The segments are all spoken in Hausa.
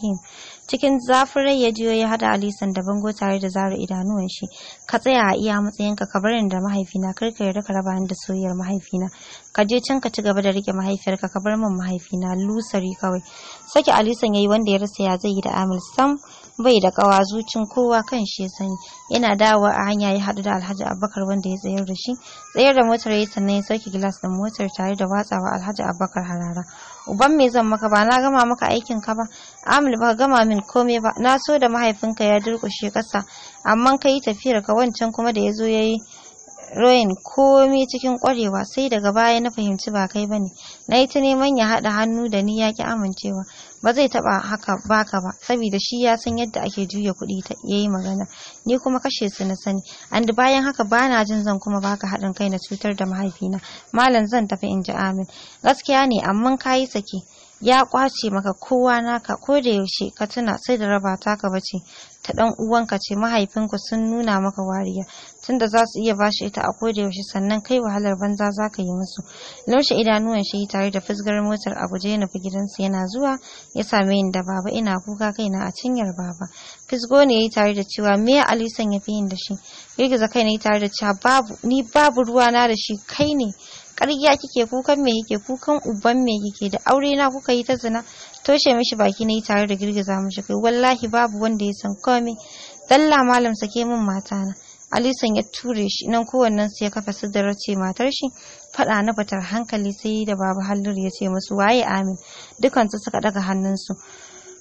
Ibrahim. cikin rai ya jiyo ya hada alisan da bango tare da zara idanuwan shi ka tsaya a iya matsayin ka barin da mahaifina kar ka yarda ka raba da soyayyar mahaifina ka je can ka ci gaba da rike mahaifiyarka ka bar min mahaifina lusari kawai saki alisan yayi wanda ya rasa ya zai yi da amil sam bai da kawa zucin kowa kan shi sani yana dawowa a hanya ya haɗu da alhaji abubakar wanda ya tsayar da shi tsayar da motar ya sannan ya sauke gilas din motar tare da watsawa alhaji abubakar harara uban me zan maka ba na gama maka aikin ka ba amul ba gama min komai ba na so da mahaifinka ya durƙushe ƙasa amma ka yi tafiyar ka wancan kuma da ya zo ya Rowan komi cikin ƙwarewa sai daga baya na fahimci ba kai bane. Na yi ta neman ya haɗa hannu da ni ya ki amincewa. Ba zai taɓa haka baka ba, saboda shi ya san yadda ake juya kuɗi ta yi magana. Ni kuma kashe su na sani. And bayan haka ba na jin zan kuma baka haɗin kai na cutar da mahaifina. Malam zan tafi in ji amin. Gaskiya ne, amma ka yi sake. ya kwace maka kowa naka ko da yaushe ka tuna sai da raba ka bace ta dan uwanka ce mahaifinku sun nuna maka wariya tunda za su iya bashi ita a koda yaushe sannan kai wahalar banza za ka yi musu laushe idanuwan shi tare da fusgar motar a guje na gidansu yana zuwa ya same ni da baba ina kuka kaina a cinyar baba fisgo ne yayi tare da cewa me alisan ya fi yin da shi girgiza kai ne tare da cewa babu ni babu ruwana da shi kai ne ƙarya kike kukan me kike kukan uban me kike da aure na kuka yi ta zina toshe mishi baki na yi tare da girgiza mishi kai wallahi babu wanda ya san komai dalla malam sake min mata na alisan ya ture shi nan kowannen su ya kafa siddarar ce matar shi faɗa na fatar hankali sai da babu hallur ya ce musu waye amin dukansu suka daga hannunsu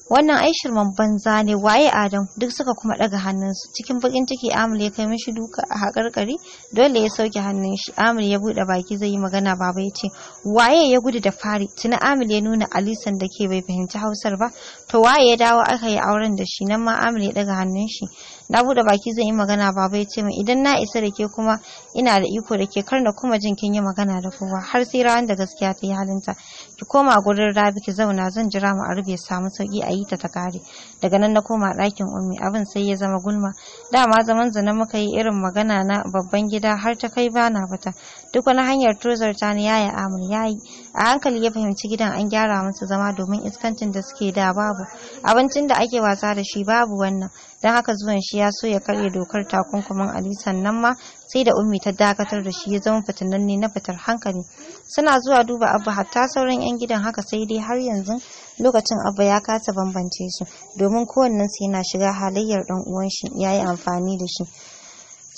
wannan ai shirman banza ne waye adam duk suka kuma daga hannunsu cikin bakin ciki amul ya kai mishi duka a hakarkari dole ya sauke hannun shi amul ya bude baki zai yi magana baba ya ce waye ya gudu da fari tuna amul ya nuna alisan da ke bai fahimci hausar ba to waye ya dawo aka yi auren da shi nan ma amul ya daga hannun shi na bude baki zan yi magana baba ya ce min idan na isa da ke kuma ina da iko da ke kar na kuma jin kin yi magana da kowa har sai rawan da gaskiya ta yi halinta ki koma gurin rabi ki zauna zan jira mu a rufe samu sauki a yi ta ta kare daga nan na koma ɗakin ummi abin sai ya zama gulma dama zaman zanen muka yi irin magana na babban gida har ta kai bana bata. duk wani hanyar tozar ta ni yaya amur yayi a hankali ya fahimci gidan an gyara musu zama domin iskancin da suke da babu abincin da ake wasa da shi babu wannan don haka zuwan shi ya so ya karya dokar takunkumin ali sannan ma sai da ummi ta dakatar da shi ya zama fitinanne na fitar hankali suna zuwa duba abba hatta sauran yan gidan haka sai dai har yanzu lokacin abba ya kasa bambance su domin kowannen yana shiga halayyar dan uwan shi yayi amfani da shi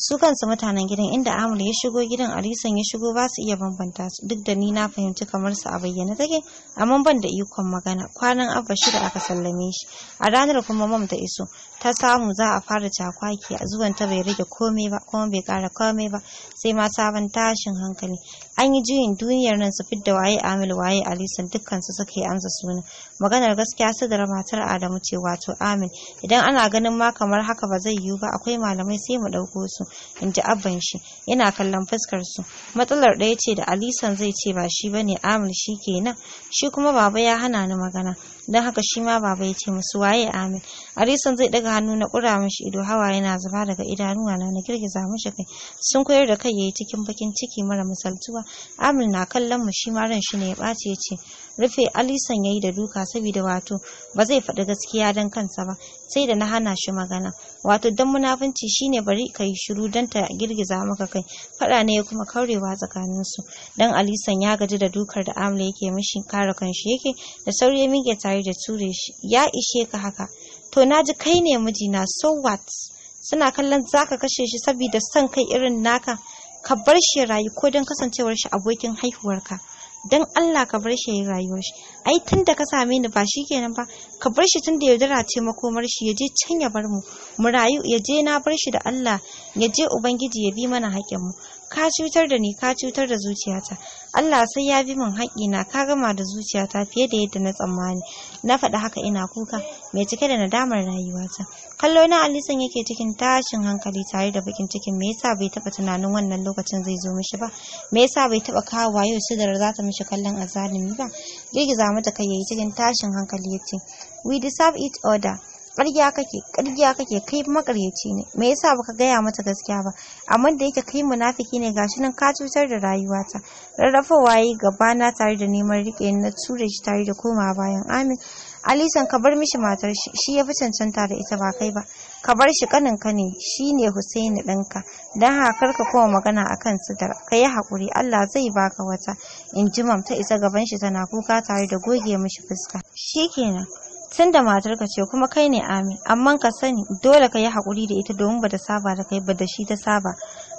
su kansu mutanen gidan inda amur ya shigo gidan alisan ya shigo ba su iya bambanta su duk da ni na fahimci kamar su a bayyane take amma ban da ikon magana kwanan abba shida aka sallame shi a ranar kuma mam ta iso ta samu za a fara cakwaki a zuwan ta bai rage komai ba kuma bai kara komai ba sai ma sabon tashin hankali an yi juyin duniyar nan su fidda waye amil waye alisan dukkan su suka yi amsa suna maganar gaskiya sadara matar Adamu ce wato Amin idan ana ganin ma kamar haka ba zai yiwu ba akwai malamai sai mu ɗauko su in ji abban shi yana kallon fuskar su matsalar ɗaya ce da Alisan zai ce ba shi bane Amin shi kenan shi kuma baba ya hana ni magana don haka shi ma baba ya ce musu waye amin arison zai daga hannu na kura shi ido hawa yana zuba daga idanuwa na na girgiza mashi kai sun koyar da kai yayi cikin bakin ciki mara misaltuwa amin na kallon mu shi ma ran shi ne ya ɓaci ya ce rufe alisan yayi da duka saboda wato ba zai faɗi gaskiya don kansa ba sai da na hana shi magana wato dan munafunci shine bari ka yi shiru dan ta girgiza maka kai fada ne ya kuma kaurewa tsakanin su dan alisan ya gaji da dukar da amla yake mishi kare kanshi yake da sauri ya tare da ture shi ya ishe ka haka to naji kai ne mijina so what suna kallon zaka kashe shi saboda son kai irin naka ka bar shi rayu ko dan kasancewar shi abokin haihuwarka dan Allah ka bar shi yi rayuwar shi ai tunda ka same ni ba shikenan ba ka bar shi tunda yaudara ce makomar shi yaje can ya bar mu mu rayu yaje na bar shi da Allah yaje ubangiji ya bi mana haƙƙin mu ka cutar da ni ka cutar da zuciyata Allah sai ya bi min na ka gama da zuciyata fiye da yadda na tsammani na faɗi haka ina kuka mai cike da nadamar rayuwata kallo na Alisan yake cikin tashin hankali tare da bakin cikin me yasa bai taba tunanin wannan lokacin zai zo mishi ba me yasa bai taba kawo yau sidar za ta mishi kallon azalimi ba girgiza mata kai yayi cikin tashin hankali yace we deserve it other ƙarya kake ƙarya kake kai makaryaci ne me yasa baka gaya mata gaskiya ba amma da yake kai munafiki ne gashi nan ka cutar da rayuwata rarrafawa yi gaba na tare da neman riƙe na tura shi tare da koma bayan amin alisan ka bar mishi matar shi shi ya fi cancanta da ita ba kai ba ka bar shi kanin ka ne shi ne husaini ɗanka Dan haka ka koma magana a kan da ka yi haƙuri allah zai baka wata in mam ta isa gaban shi tana kuka tare da goge mishi fuska shikenan tun da matarka ce kuma kai ne amin amma ka sani dole ka yi haƙuri da ita domin ba ta saba da kai ba da shi ta saba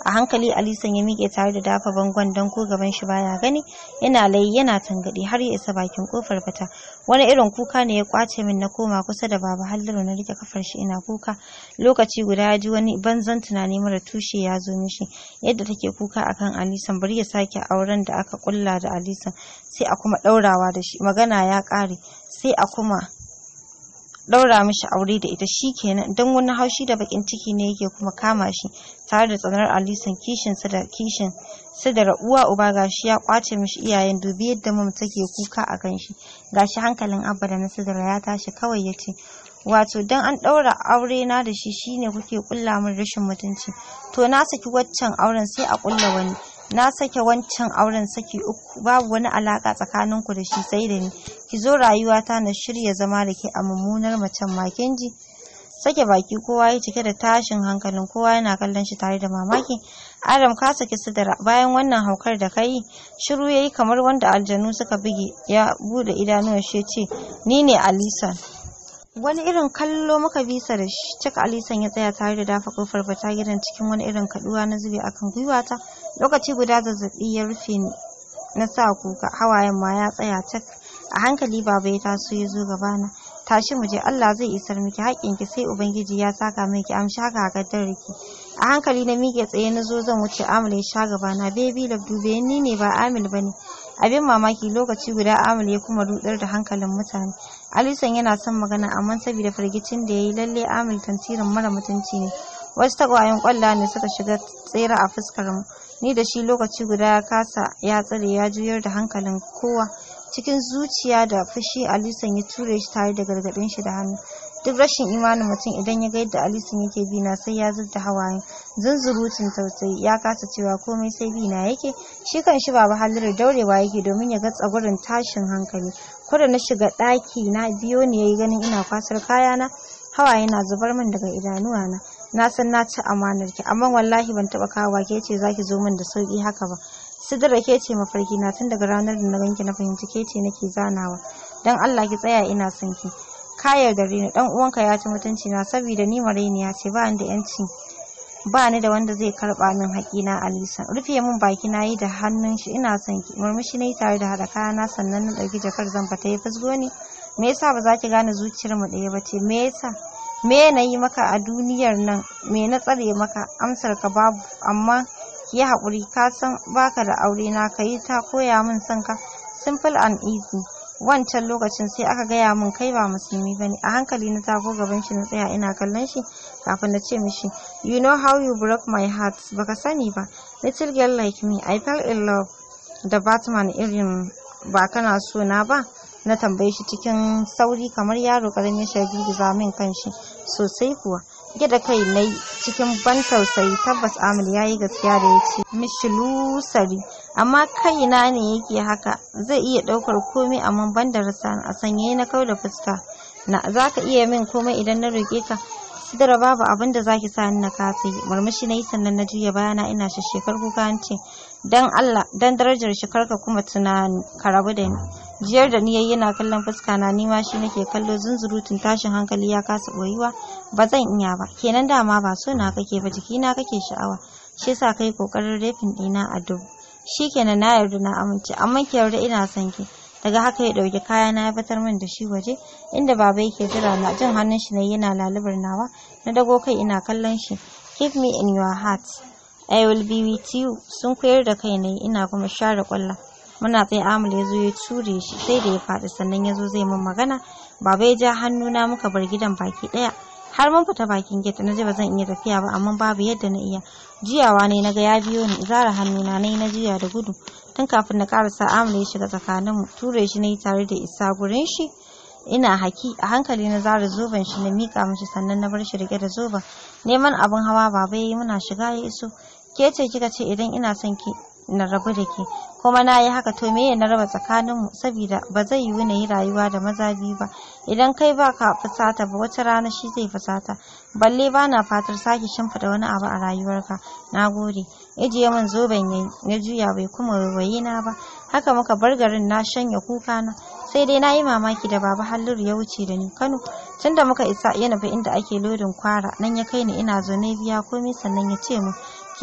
a hankali alisan ya miƙe tare da dafa bangon don ko gaban shi baya gani yana layi yana tangaɗi har ya isa bakin kofar fita wani irin kuka ne ya kwace min na koma kusa da baba halliru na rike kafar shi ina kuka lokaci guda ya ji wani banzan tunani mara tushe ya zo mishi yadda take kuka akan alisan bari ya sake auren da aka kulla da alisan sai a kuma ɗaurawa da shi magana ya ƙare sai a kuma ɗaura mishi aure da ita shi kenan don wani haushi da bakin ciki ne yake kuma kama shi tare da tsanar alisan kishin su da kishin su da ra'uwa uba gashi ya kwace mishi iyayen dubi yadda mum take kuka a kan shi gashi hankalin abba da na sadara ya tashi kawai ya ce wato don an ɗaura aure na da shi shine kuke kulla min rashin mutunci to na saki waccan auren sai a kulla wani na sake wancan auren saki uku babu wani alaka tsakanin ku da shi sai da ni ki zo rayuwata na shirya zama da ke a mummunar macen makinji sake baki kowa ya cike da tashin hankalin kowa yana kallon shi tare da mamaki adam ka saki sidara bayan wannan haukar da ka yi shiru ya yi kamar wanda aljanu suka buge ya bude idanuwan shi ce ni ne alisan wani irin kallo muka bisa da shi cika alisan ya tsaya tare da dafa kofar bata gidan cikin wani irin kaduwa na zube akan gwiwata lokaci guda zazzabi ya rufe na sa kuka hawayen yamma ya tsaya tak. a hankali baba ya taso ya zo na tashi mu je Allah zai isar miki ki, sai ubangiji ya saka miki amshi haka a riki. a hankali na mike tsaye na zo zan wuce Amil ya sha gabana baby love dube ni ne ba Amil bane abin mamaki lokaci guda Amil ya kuma rudar da hankalin mutane Alisan yana son magana amma saboda firgicin da yayi lalle Amil tantirin mara mutunci ne wasu tagwayen kwalla ne suka shiga tsere a fuskar mu ni da shi lokaci guda ya kasa ya tsare ya juyar da hankalin kowa cikin zuciya da fushi alisan ya ture shi tare da gargaɗin shi da hannu duk rashin imanin mutum idan ya ga yadda alisan yake bi na sai ya zubda hawaye zunzurutun tausayi ya kasa cewa komai sai bi na yake shi kan shi ba halirar daurewa yake domin ya ga tsagurin tashin hankali da na shiga ɗaki na biyo ne ya yi ganin ina kwasar kayana hawaye na zubar min daga idanuwa na. na san na ci amanar ki amma wallahi ban taba kawo wake ke ce zaki zo min da sauki haka ba sidira ke ce mafarki na tun daga ranar da na ganki na fahimci ke ce nake zanawa dan Allah ki tsaya ina son ki ka yarda ni dan uwanka ya ci mutunci na saboda ni mareniya ce ba ni da yanci ba ni da wanda zai karba min na Alisa rufe min baki na yi da hannun shi ina son ki murmushi ne tare da hada kayana sannan na dauki jakar zan fata ya fusgo ni me yasa ba za ki gane zuciyar mu ɗaya ba ce me yasa me na yi maka a duniyar nan me na tsare maka amsar ka babu amma yi haƙuri ka san baka da aure na ka yi ta koya min son ka simple and easy wancan lokacin sai aka gaya min kai ba musulmi ba ne. a hankali na tago gaban shi na tsaya ina kallon shi kafin na ce mishi you know how you broke my heart baka sani ba little girl like me i fell in love da batman irin ba kana so na ba na tambaye shi cikin sauri kamar yaro karamin shi da min kan shi sosai kuwa gida kai na cikin ban tausayi tabbas amil ya yi gaskiya da ya ce mishi lusari amma na ne yake haka zai iya ɗaukar komai amma ban da rasa a sanye na kau da fuska na za ka iya min komai idan na roƙe ka sidara babu abin da zaki sa ni na kasa yi murmushi na yi sannan na juya bayana ina shekar kuka ce dan Allah dan darajar shi karka kuma tunani ka rabu da ni jiyar da ni yayi yana kallon fuska na nima shi nake kallo zunzurutun tashin hankali ya kasa boyuwa ba zan iya ba kenan dama ba so na kake ba jikina kake sha'awa shi yasa kai kokarin rafin dina a dubu kenan na yarda na amince amma ki yarda ina son ki daga haka ya dauki kaya na ya fitar min da shi waje inda baba yake jira na jin hannun shi ne yana lalubar nawa na dago kai ina kallon shi keep me in your heart I will be with you sun koyar da kai ne ina kuma share kwallon muna tsaye amul ya zo ya ture shi sai da ya faɗi sannan ya zo zai mun magana baba ya ja hannu na muka bar gidan baki ɗaya har mun fita bakin gate na ji ba zan iya tafiya ba amma babu yadda na iya jiyawa ne naga ya biyo ni zara na nayi na jiya da gudu tun kafin na karasa amla ya shiga tsakanin mu ture shi nayi tare da isa gurin shi ina haki a hankali na zara zoben shi na mika mishi sannan na bar shi rike da zoben neman abin hawa baba yayi muna shiga ya iso ke ce kika ce idan ina son ki na rabu da ke kuma na yi haka to meye na raba tsakaninmu saboda ba zai yiwu na yi rayuwa da maza biyu ba idan kai baka ka fusata ba wata rana shi zai fusata balle ba na fatar sake shimfida wani abu a rayuwarka na gode ijiye min zoben yi ya juya bai kuma wayi na ba haka muka bar garin na shanya kuka na sai dai na yi mamaki da baba halliru ya wuce da ni kano tunda muka isa yana bai inda ake lodin kwara nan ya kai ni ina zo na biya komai sannan ya ce mu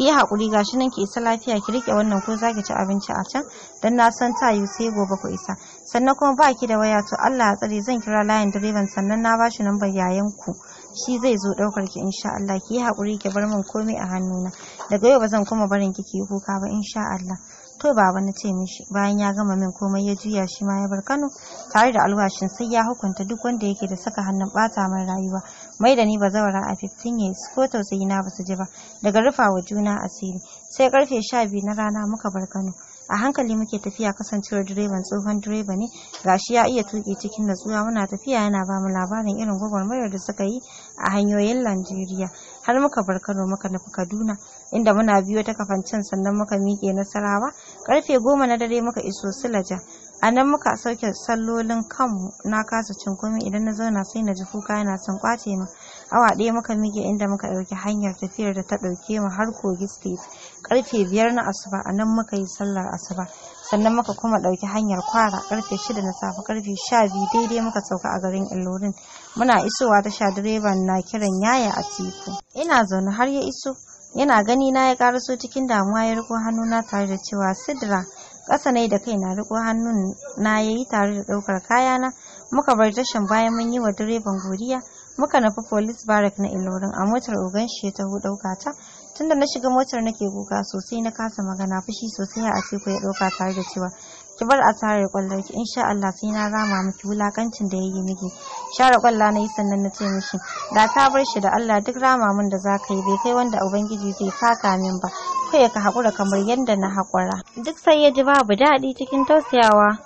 ki yi hakuri gashi nan ki isa lafiya ki rike wannan ko zaki ci abinci a can don na san ta yi sai gobe ku isa sannan kuma ba ki da waya to Allah ya tsare zan kira layin direban sannan na bashi lambar yayan ku shi zai zo daukar ki insha Allah ki yi hakuri ki bar min komai a hannuna daga yau ba zan kuma barin ki ki yi kuka ba insha Allah to baba na ce mishi bayan ya gama min komai ya juya shi ma ya bar Kano tare da alwashin sai ya hukunta duk wanda yake da saka hannun bata min rayuwa mai da ni ba bazawara a 15 years ko tausayi na ba su ji ba daga rufawa juna asiri sai karfe 12 na rana muka bar Kano a hankali muke tafiya kasancewar direban tsohon direba ne gashi ya iya tuki cikin natsuwa muna tafiya yana ba mu labarin irin gwagwarmayar da suka yi a hanyoyin Najeriya har muka bar Kano muka nufi Kaduna inda muna biyo ta kafancin sannan muka miƙe Nasarawa karfe goma na dare muka iso Silaja a nan muka sauke sallolin kanmu na kasa cin komai idan na zauna sai na ji kuka yana son kwace mu. awa ɗaya muka mige inda muka ɗauki hanyar tafiyar da ta ɗauke mu har kogi state karfe biyar na asuba a nan muka yi sallar asuba sannan muka kuma ɗauki hanyar kwara karfe shida na safe karfe sha biyu daidai muka sauka a garin ilorin muna isowa ta sha direban na kiran yaya a teku ina zaune har ya iso yana gani na ya karaso cikin damuwa ya riko hannuna tare da cewa sidra ƙasa nai da kai na riko hannun na yayi tare da ɗaukar kayana muka bar tashan bayan mun yi wa direban godiya muka nufi police barrack na ilorin a motar ogan shi ya taho ɗauka ta tunda na shiga motar nake kuka sosai na kasa magana fushi sosai a teku ya ɗauka tare da cewa ki bar asarar kwallon ki insha Allah sai na rama miki wulakancin da yayi miki share kwalla nayi sannan na ce mishi da ta bar shi da Allah duk rama mun da zaka yi bai kai wanda ubangiji zai saka min ba kai ka hakura kamar yadda na hakura duk sai ya ji babu daɗi cikin tausayawa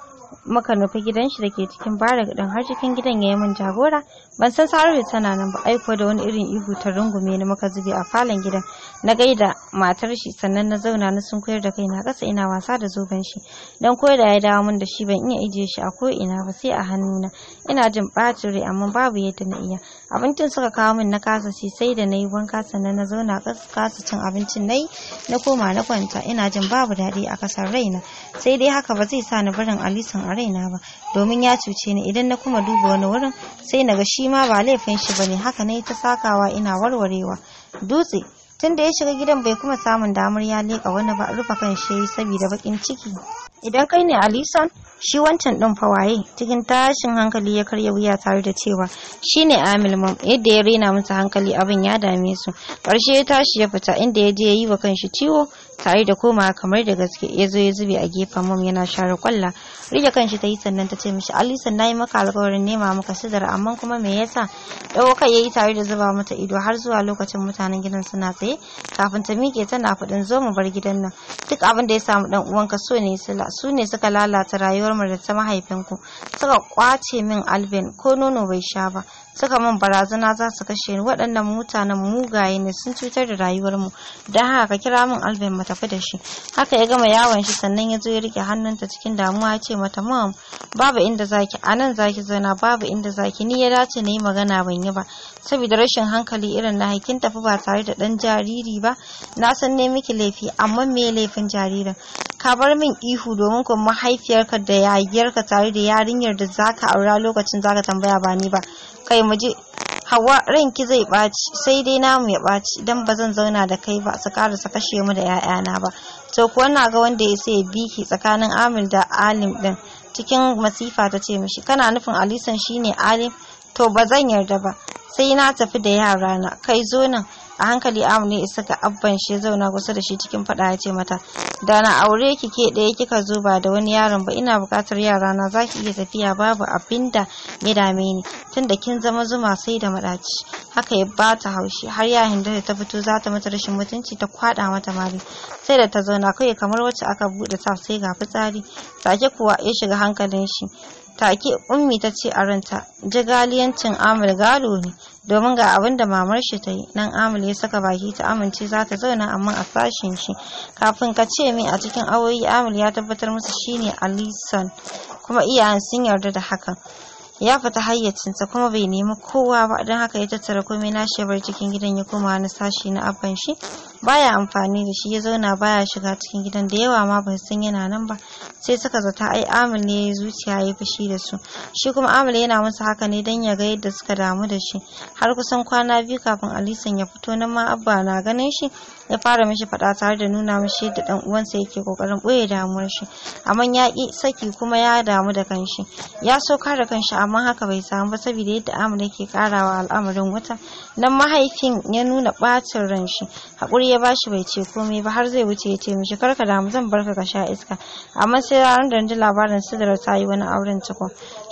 muka nufi gidan shi da ke cikin barak din har cikin gidan ya yi min jagora ban san sarari tana nan ba aiko da wani irin ihu ta rungume ni muka zube a falon gidan na gaida matar shi sannan na zauna na sun koyar da kai na kasa ina wasa da zoben shi dan koyar da ya dawo min da shi ban iya ajiye shi a ko ina ba sai a hannuna ina jin bacin rai amma babu yadda na iya abincin suka kawo min na kasa shi sai da na yi wanka sannan na zauna kasa cin abincin na na koma na kwanta ina jin babu daɗi a kasar raina sai dai haka ba zai sa ni barin alisan a raina ba domin ya cuce ni idan na kuma duba wani wurin sai na ga shi ma ba laifin shi bane haka ne ta sakawa ina warwarewa dutse tunda ya shiga gidan bai kuma samun damar ya leka wani ba rufa kan shi saboda bakin ciki idan kai ne alison shi wancan ɗin fawaye cikin tashin hankali ya karya wuya tare da cewa shine ne amil mom yadda ya rena mata hankali abin ya dame su ƙarshe ya tashi ya fita inda ya je ya yi wa kanshi ciwo tare da komawa kamar da gaske ya zo ya zube a gefen mom yana share kwalla rike kanshi ta yi sannan ta ce mishi ali na yi maka alkawarin nema maka sidar amma kuma me yasa dawo kai ya yi tare da zuba mata ido har zuwa lokacin mutanen gidan suna tsaye kafin ta miƙe tana faɗin zo mu bar gidan nan duk abin da ya samu dan uwanka so ne sila su ne suka lalata rayuwar mu da ta mahaifinku suka kwace min alvin ko nono bai sha ba suka min barazana za su kashe ni waɗannan mutanen mugaye ne sun cutar da rayuwar mu don haka ka kira min alvin mu tafi da shi haka ya gama yawon shi sannan ya zo ya rike hannunta cikin damuwa ya ce mata mom babu inda zaki a nan zaki zauna babu inda zaki ni ya dace na yi magana ban yi ba saboda rashin hankali irin na haikin tafi ba tare da ɗan jariri ba na san ne miki laifi amma me laifin jaririn ka bar min ihu domin kuma mahaifiyarka da yayyarka tare da yarinyar da zaka aura lokacin zaka tambaya ba ni ba kai muje je hawa ranki zai baci sai dai namu ya ɓaci idan ba zan zauna da kai ba su su kashe mu da 'ya'yana ba to kuwa na ga wanda ya sai biki tsakanin amil da alim din cikin masifa ta ce mishi kana nufin alisan shine alim to ba zan yarda ba sai na tafi da yara na kai zo nan a hankali amu ne isa ga abban shi zauna kusa da shi cikin fada ya ce mata da na aure ki ke ɗaya kika zo ba da wani yaron ba ina bukatar yara na za ki iya tafiya babu abin da ya dame ni tunda kin zama zuma sai da maɗaci haka ya ba ta haushi har ya hindu da ta fito za ta mata rashin mutunci ta kwaɗa mata mari sai da ta zauna kawai kamar wacce aka buɗe ta sai ga fitsari take kuwa ya shiga hankalin shi take ummi ta ce a ranta jigaliyancin amir galo ne domin ga abin da mamar shi ta yi nan amule ya saka baki ta amince za ta zauna amma a sashen shi kafin ka ce min a cikin awoyi amule ya tabbatar musu shine alison kuma iyayen sun yarda da hakan ya fita hayyacinsa kuma bai nemi kowa ba don haka ya tattara komai na shebar cikin gidan ya koma wani sashi na abban shi baya amfani da shi ya zauna baya shiga cikin gidan da yawa ma ban san yana nan ba sai suka zata ai amil ne zuciya ya fushi da su shi kuma amil yana musu haka ne dan ya ga yadda suka damu da shi har kusan kwana biyu kafin alisan ya fito nan ma abba na ganin shi ya fara mishi faɗa tare da nuna mishi yadda dan uwansa yake kokarin boye damuwar shi amma ya ki saki kuma ya damu da kanshi ya so kare kanshi amma haka bai samu ba saboda yadda amil yake karawa al'amarin wuta nan mahaifin ya nuna bacin ran shi hakuri ya bashi bai ce komai ba har zai wuce ya ce mishi ka damu zan barka ka sha iska amma sai ranar da ji labarin sidira ta yi wani auren tukun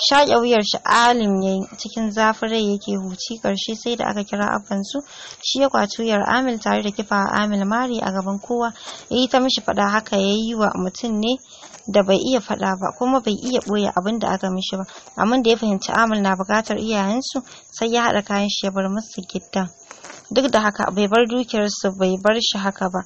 shaƙe wuyar shi alim ya cikin zafin rai yake huci karshe sai da aka kira su shi ya kwaci wuyar amil tare da kifa amil mari a gaban kowa ya yi ta mishi faɗa haka ya yi wa mutum ne da bai iya faɗa ba kuma bai iya ɓoye abin da aka mishi ba amma da ya fahimci amil na buƙatar iyayensu sai ya haɗa kayan shi ya bar musu gidan duk da haka bai bar dukiyarsu bai bar shi haka ba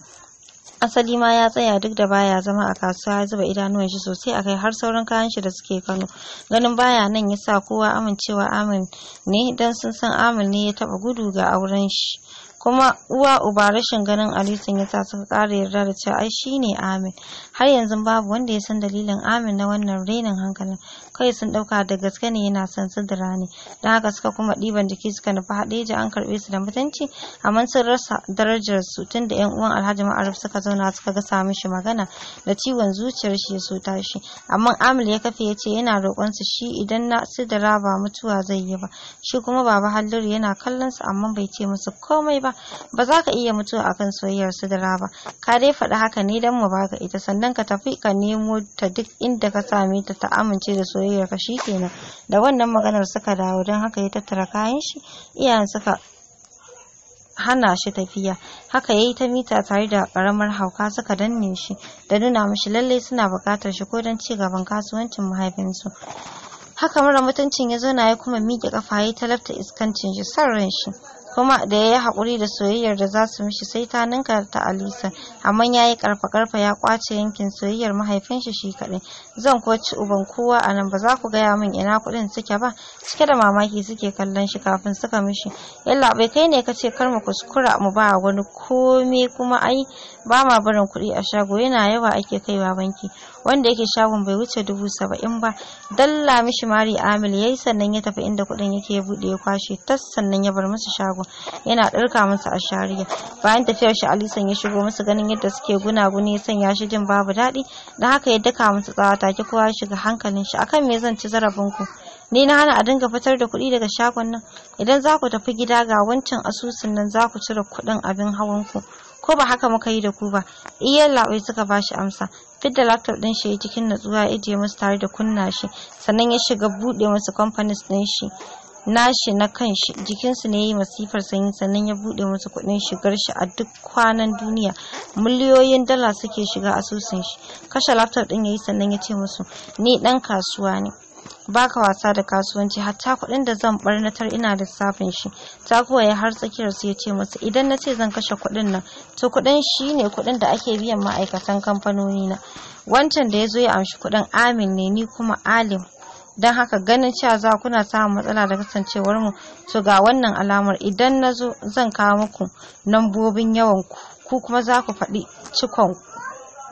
asali ma ya tsaya duk da baya zama a kasuwa ya zuba idanuwan shi sosai a kai har sauran kayan shi da suke kano ganin baya nan ya sa kowa amincewa amin ne don sun san amin ne ya taba gudu ga auren shi kuma uwa uba rashin ganin alisun ya sa suka ƙara yarda da cewa ai shine amin har yanzu babu wanda ya san dalilin amin na wannan renin hankalin kai sun dauka da gaske ne yana son su dira ne don haka suka kuma ɗiban jiki suka nufi haɗeja an karɓe su da mutunci amma sun rasa darajar su tun yan uwan alhaji ma'aruf suka zauna suka ga sami shi magana da ciwon zuciyar shi ya so tashi amma amil ya kafe ya yana roƙon su shi idan na su ba mutuwa zai yi ba shi kuma baba halliru yana kallon su amma bai ce musu komai ba ba za ka iya mutuwa akan soyayyar su dira ba ka dai faɗi haka ne don mu baka ita sannan sannan ka tafi ka nemo ta duk inda ka same ta ta amince da soyayyar ka shikenan da wannan maganar suka dawo don haka ya tattara kayan shi iyayen suka hana shi tafiya haka yayi ta mita tare da karamar hauka suka danne shi da nuna mishi lallai suna bukatar shi ko don cigaban kasuwancin mahaifinsu haka mara mutuncin ya zauna ya kuma miƙe kafa ya talabta iskancin shi son ran shi kuma da ya yi haƙuri da soyayyar da za su mishi sai ta ninka ta alisa amma ya yi ƙarfa ƙarfa, ya kwace yankin soyayyar mahaifin shi shi kaɗai zan ko ci uban kowa a nan ba za ku gaya min ina kuɗin suke ba cike da mamaki suke kallon shi kafin suka mishi yalla bai kai ne ka ce kar mu kuskura mu ba wani komai kuma ai ba ma barin kuɗi a shago yana yawa ake kaiwa banki wanda yake shagon bai wuce dubu saba'in ba dalla mishi mari amil ya yi sannan ya tafi inda kuɗin yake buɗe ya kwashe tas sannan ya bar musu shagon yana ɗarka musu a shariya bayan tafiyar shi alisan ya shigo musu ganin yadda suke gunaguni ya sanya shi jin babu daɗi da haka ya daka musu tsawa take kowa ya shiga hankalin shi akan me zan ci zarafin ku ni na hana a dinga fitar da kuɗi daga shagon nan idan za ku tafi gida ga wancan asusun nan za ku cire kuɗin abin hawan ku ko ba haka muka yi da ku ba iyan labai suka ba shi amsa fidda laptop din shi cikin natsuwa ya ajiye musu tare da kunna shi sannan ya shiga bude musu companies din shi nashi na kan shi jikinsu ne ya yi masifar sanyi sannan ya bude musu kudin shigar shi a duk kwanan duniya miliyoyin dala suke shiga asusun shi kashe laptop din yayi sannan ya ce musu ni ɗan kasuwa ne baka wasa da kasuwanci hatta kuɗin da zan barnatar ina lissafin shi ta koya har tsakiyar su ya ce masa idan na ce zan kashe kuɗin nan to kuɗin shi ne kuɗin da ake biyan ma'aikatan kamfanoni na wancan da ya zo ya amshi kuɗin amin ne ni kuma alim don haka ganin cewa za kuna samun matsala da kasancewar mu to ga wannan alamar idan na zo zan kawo muku nambobin yawan ku kuma za ku faɗi cikon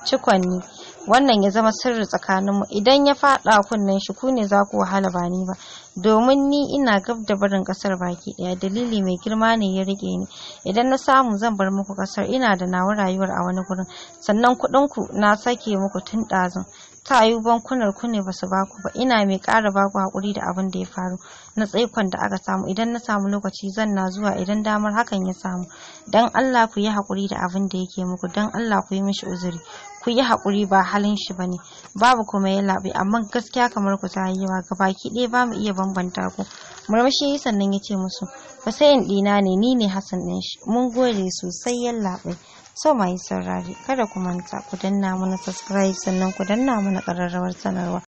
cikon ni wannan ya zama sirri mu idan ya faɗa kunnen shi ku ne za ku wahala ba ni ba domin ni ina gab da barin kasar baki ɗaya, dalili mai girma ne ya rike ni idan na samu zan bar muku kasar ina da nawa rayuwar a wani gurin sannan kuɗin ku na sake muku tun ɗazun ta yi bankunar ku ne basu baku ba ina mai ƙara baku hakuri da abin da ya faru na tsaikon da aka samu idan na samu lokaci zan na zuwa idan damar hakan ya samu dan Allah ku yi hakuri da abin da yake muku dan Allah ku yi mishi uzuri ku yi haƙuri ba halin shi bane babu kuma ya laɓe amma gaskiya kamar ku ta yi gaba ki ɗaya ba mu iya bambanta ku murmushi sannan ya ce musu Hussein ɗina ne ni ne Hassan ɗin shi mun gode sosai ya laɓe so mai saurari kada ku manta ku danna mana subscribe sannan ku danna mana ƙararrawar sanarwa